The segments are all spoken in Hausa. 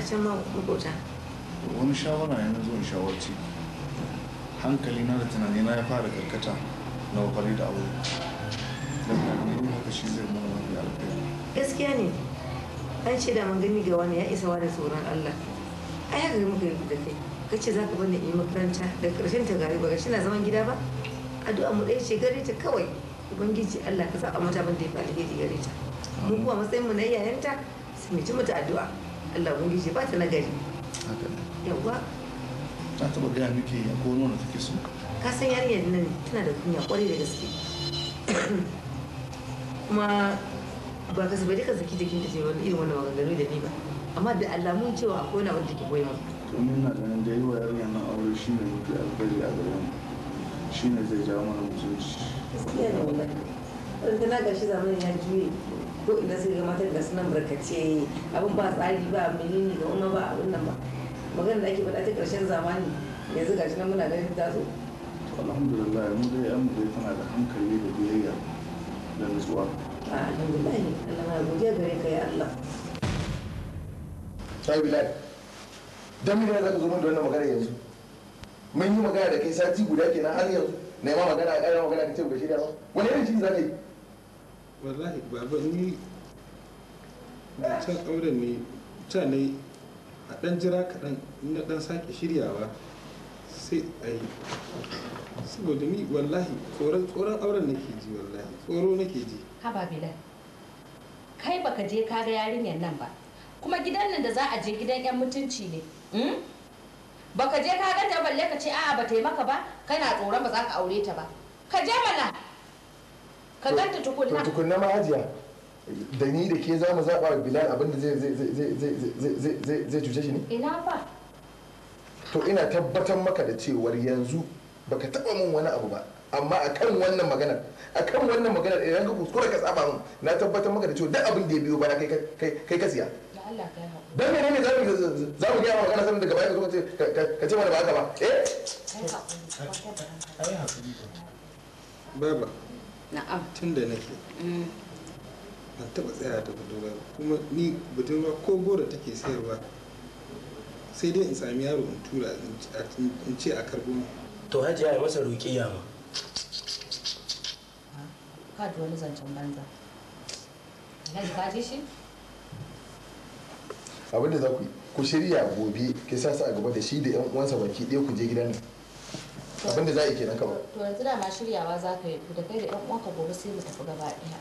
suna can ma makota wani shawara ya na zuwan shawarci hankali na da tunani na ya fara karkata na wakwari da abu. da haka shi zai mana mafi alkhairi gaskiya ne an ce da man gani ga wani ya isa wa da tsoron allah ai haka muka yi da kai ce za ka bane in yi makaranta da karshen ta gari ba shi na zaman gida ba addu'a mu ɗaya ce gare ta kawai ubangiji allah ka sa a mata ban da ya fi alheri gare ta mu kuwa matsayin mu na iyayenta su mai ci mata addu'a Allah ubangiji ba ta nagari yawa ta taba gaya miki ya ko nuna take so ka san yarinyar nan tana da kunya kwarai da gaske kuma ba ka sabai duka saki jikin ta ce wani irin wannan maganganu da ni ba amma da alamun cewa akwai wani wanda ke koyi ma. to ni na ganin da yiwa yarinya na aure shi ne mafi alkhairi a gaban shi ne zai jawo mana mutunci gaskiya ne wannan wanda na gashi zamanin ya juye ko ina sai ga matar da suna barkace abin ba tsari ba menene ga wannan ba abin nan ba magana da ake faɗa ta ƙarshen zamani yanzu gashi nan muna ganin ta zo alhamdulillah mun dai an dai tana da hankali da biyayya da nutsuwa alhamdulillah Allah ya godiya gare ka ya Allah sai bilal dan da zaka zo mun da wannan magana yanzu mun yi magana da kai sati guda kenan har yanzu ne ma magana a ƙara magana ka ce ba shirya ba wani irin shi zaka yi wallahi baba ni da can auren ne ta ne a ɗan jira kaɗan na ɗan sake shiryawa sai a yi saboda ni wallahi tsoron tsoron auren nake ji wallahi tsoro nake ji haba bilal kai baka je ka ga yarinyar nan ba kuma gidan nan da za a je gidan yan mutunci ne hmm? baka je ka ga ganta balle ka ce a'a ba ta yi ba kana tsoron ba za ka aure ta ba ka je mana ka ganta tukunna tukunna ma hajiya da ni da ke za mu zaɓa bilal abin da zai cuce shi ne ina fa to ina tabbatar maka da cewar yanzu baka taɓa min wani abu ba amma akan wannan maganar akan wannan magana idan ka kuskura ka tsaba min na tabbatar maka da cewa duk abin da ya biyo bana kai ka siya dan mene ne za mu gaya wa magana sanin daga baya ka ce ka ce mana ba haka ba eh ai hakuri baba na'am tun da nake mm. ban taba tsaya da budurwa kuma ni budurwa ko goro take sayarwa sai dai in sami yaro in tura in ce a karbo mu to hajiya ya yi masa ruƙiya ma ka da wani zancen banza Alhaji ka ji shi? Abin za ku ku shirya gobe ke sa su a gaba da shi da 'yan uwansa baki ɗaya ku je gidan nan. abin da za a yi kenan kawai to yanzu da ma shiryawa za ka yi da kai da ɗan uwanka gobe sai mu tafi gaba ɗaya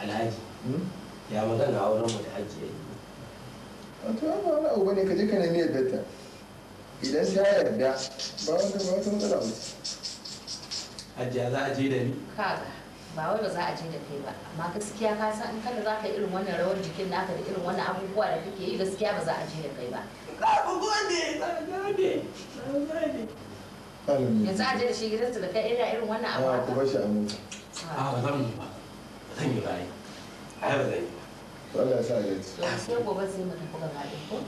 alhaji hmm? ya magana a wurin mu da ya yi to ba wani abu ne ka ji ka nemi yadda ta idan ta yarda ba wata ba wata matsala ba ya za a je da ni kaga ba wai ba za a je da kai ba amma gaskiya ka san in kada za ka yi irin wannan rawar jikin naka da irin wannan abubuwa da kake yi gaskiya ba za a je da kai ba na gode na gode na gode yanzu aje shi gidansu da kai ina irin wannan abu ah, haka kuma shi a mota a ah, ba zan yi ba zan yi ba ai ai ba yi ba Allah sa ya ci sai gobe sai mu tafi gaba da ko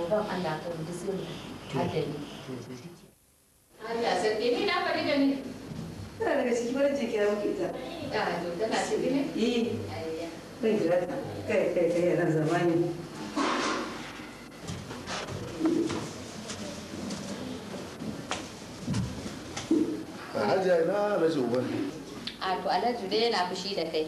gobe Allah ka rubuta sai mu tafi hadari Allah sai ni na bari da ni tana daga ciki bari je kira muke ta a to tana ciki ne eh bai jira kai kai kai nan zamani hajiya na alhaji uban a to alhaji dai yana fushi da kai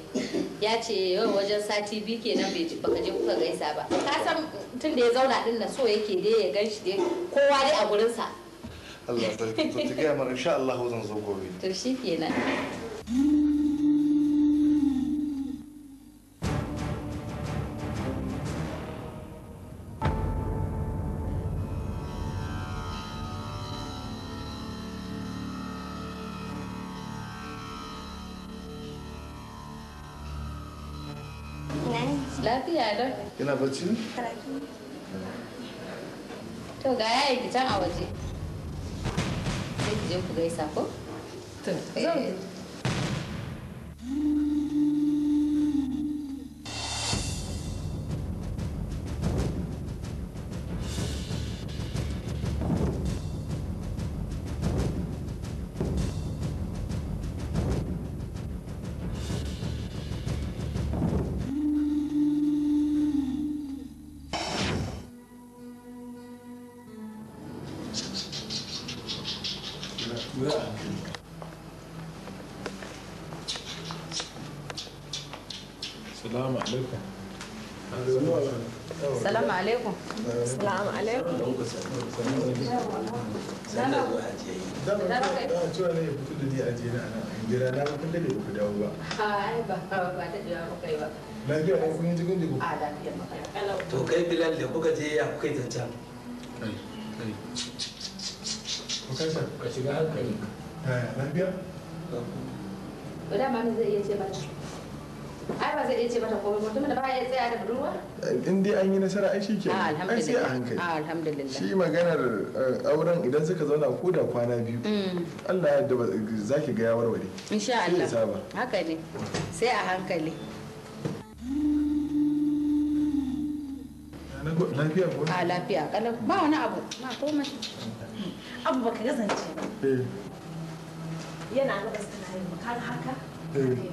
ya ce yau wajen sati biyu kenan bai ji baka je kuka gaisa ba ka san tun da ya zauna din na so yake dai ya gan shi dai kowa dai a gurinsa Allah sarki to ta gaya mara insha Allah zan zo gobe to shi kenan kina bacci ne to ga ya ki can a waje sai je ku gaisa ko to eh. ajiye na anan an jira na kun dade ku dawo ba a ba ba ta jira ku kai ba lafiya ko kun ji gundu a lafiya makala to kai bilal da kuka je ya kuka zance kai kai ku kai ka shiga hankali eh, lafiya ba da ma zai iya ce ba ai ba zai iya ce mata komai mutum da ba ya tsaya da budurwa in dai an yi nasara ai shike ah, ai sai a hankali ah, alhamdulillah shi maganar eh, auren idan suka zauna ko da kwana biyu hmm. Allah ya yarda zaki ga ya warware insha Allah haka ne sai a hankali lafiya ko a ah, lafiya kalau ba wani abu ba komai abu baka gazance eh. yana gaba sanayi makar haka eh.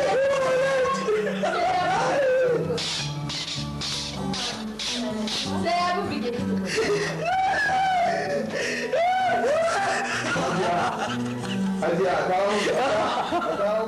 好的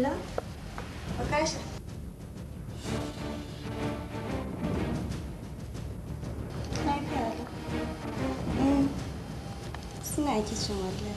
Helal. Bak Ayşe. Ne kadar? Hmm. Sine geçiyorum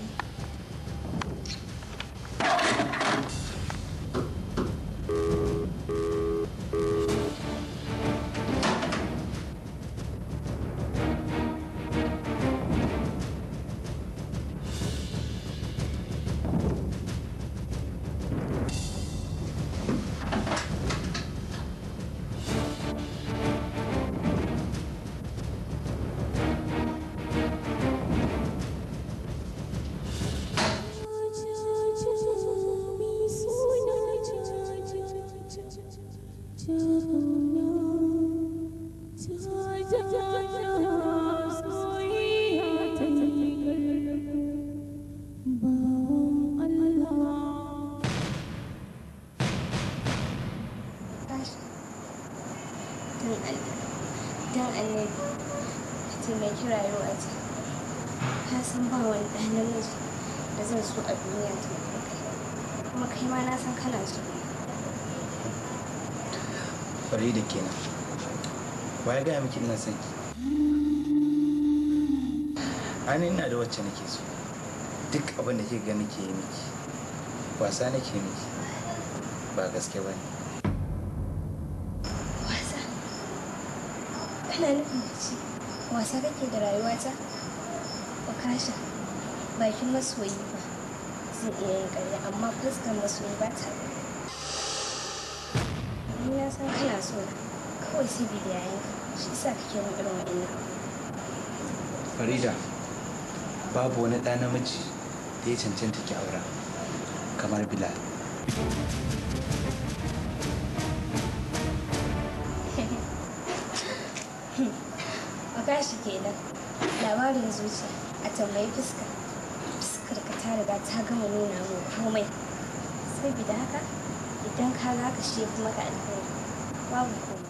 da kenan nan ya gaya miki ina son ki yi ina da wacce nake so duk abin da kika gani ke yi miki wasa nake miki ba gaske ba ne wasa kana nufin da ce wasa kake da rayuwata ba kasha bakin masoyi ba zan iya yin karya amma fuskar masoyi ba ta san kana so kawai sibi da yayin shi sa kake min irin wa'annan farida babu wani ɗa namiji da ya cancanta ki aura kamar bilal Maka shi kenan labarin zuciya a tambayi fuska fuskar ka ta riga ta gama nuna mu komai sabida haka idan ka za ka shi kuma ka alfahari Welcome.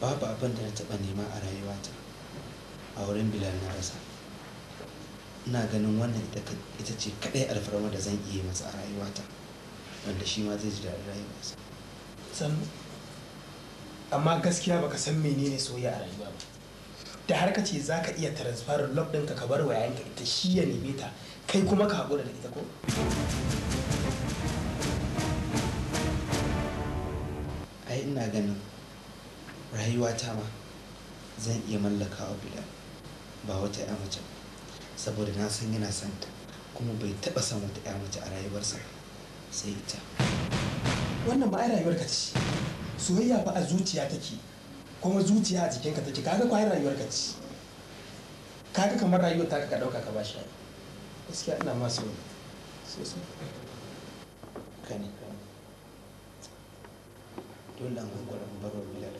babu abin da na taɓa nema a rayuwata a wurin bilal na rasa ina ganin wannan ita ce kaɗai alfarma da zan iya masa a rayuwata wanda shi ma zai ji daɗin rayuwarsa san amma gaskiya baka san menene soyayya a rayuwa ba da har ka ce za ka iya transfer love ɗinka ka bar wa ita shi ya neme ta kai kuma ka haƙura da ita ko ai ina ganin rayuwata ma zan iya mallaka wa bilal ba wata ya mace saboda na san yana santa kuma bai taɓa san wata ya mace a rayuwarsa sai ita wannan ba ai ka ce soyayya ba a zuciya take kuma zuciya a jikinka take kaga kwai ka ce kaga kamar rayuwar ta ka dauka ka bashi gaskiya ina ma so sosai kani dole an gwagwara mu bar wa bilal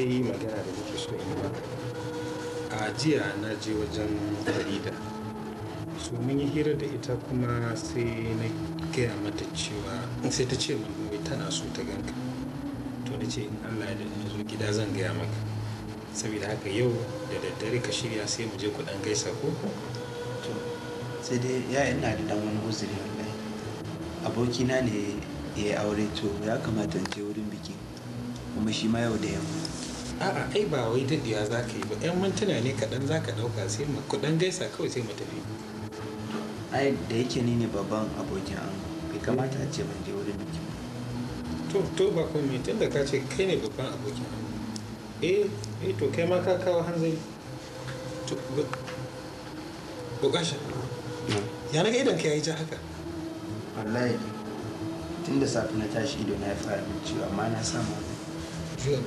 yi magana da muke so in maka a jiya na je wajen farida su mun yi hira da ita kuma sai na gaya mata cewa sai ta ce min tana so ta ganka to da ce in allah da zo gida zan gaya maka saboda haka yau da daddare ka shirya sai mu je kudan gaisa ko to sai dai ya ina da dan wani uzuri wallahi abokina ne ya aure to ya kamata in je wurin biki kuma shi ma yau da yamma a'a ai ba wai daɗewa za ka yi ba yan mintuna ne kaɗan za ka ɗauka sai ma kuɗin gaisa kawai sai mu tafi ai da yake ni ne babban abokin an bai kamata a ce ban je wurin biki to to ba ko me tun da ka ce kai ne babban abokin an eh eh to kai ma ka kawo hanzari to bukasha ya na ga idan ka yi ja haka wallahi tun da safe na tashi ido na ya fara min ciwo amma na samu juya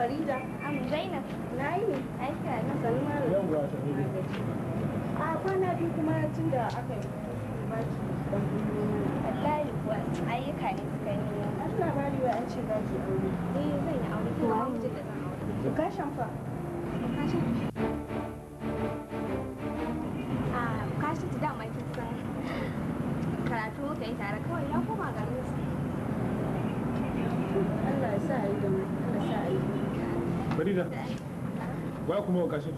Farida. Am ah, Zainab. Na yi ne. Aika ne. A kwana biyu kuma tun da aka yi dan gudu. kuwa ayyuka ne suka yi. wa an ce ki aure. Eh zan yi aure kuma an ji da zan fa. Ah, dama karatu tare kawai ya koma garin Farida, wa kuma wa kashin?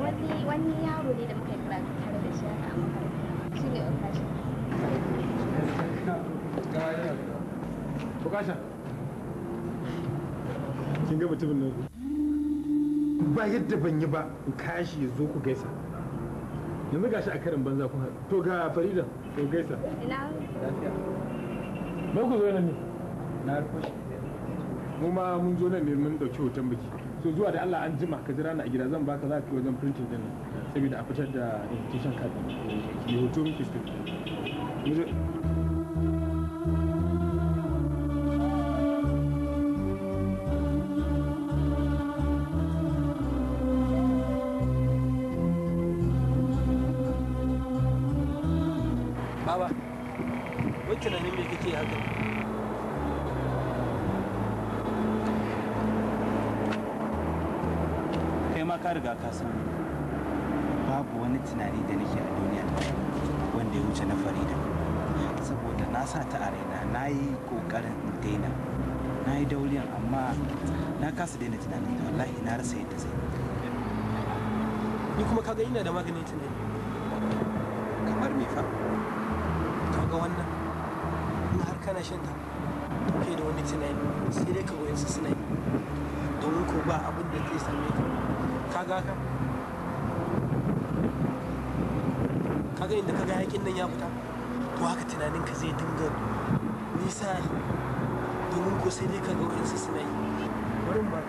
Wani wani yaro ne da muka yi karatu tare da shi a makaranta. Shi ne wa kashin. Wa kashin? Kin ga mutumin nan? Ba yadda ban yi ba in kashi ya zo ku gaisa. Yanzu gashi a karin banza kun haɗu. To ga Farida, to gaisa. Ina. Lafiya. Ba ku zo nan ne? Na rufe mu ma mun zo nan ne mun dauki hoton biki so zuwa da Allah an jima ka jira na a gida zan baka za ka wajen printing din saboda a fitar da invitation card ne hoton muke ka riga ka san babu wani tunani da nake a duniya wanda ya wuce na farida saboda na sa ta a raina na yi kokarin daina na yi dauliyan amma na kasa daina tunanin da wallahi na rasa yadda zai ni kuma kaga ina da maganin tunani kamar me fa kaga wannan in har kana shan ta ke da wani tunani sai dai ka su suna yi domin ko ba abin da zai same ka kaga kaga inda kaga yakin nan ya fita to haka tunanin ka zai dinga nisa domin ko sai dai ka ga su suna yi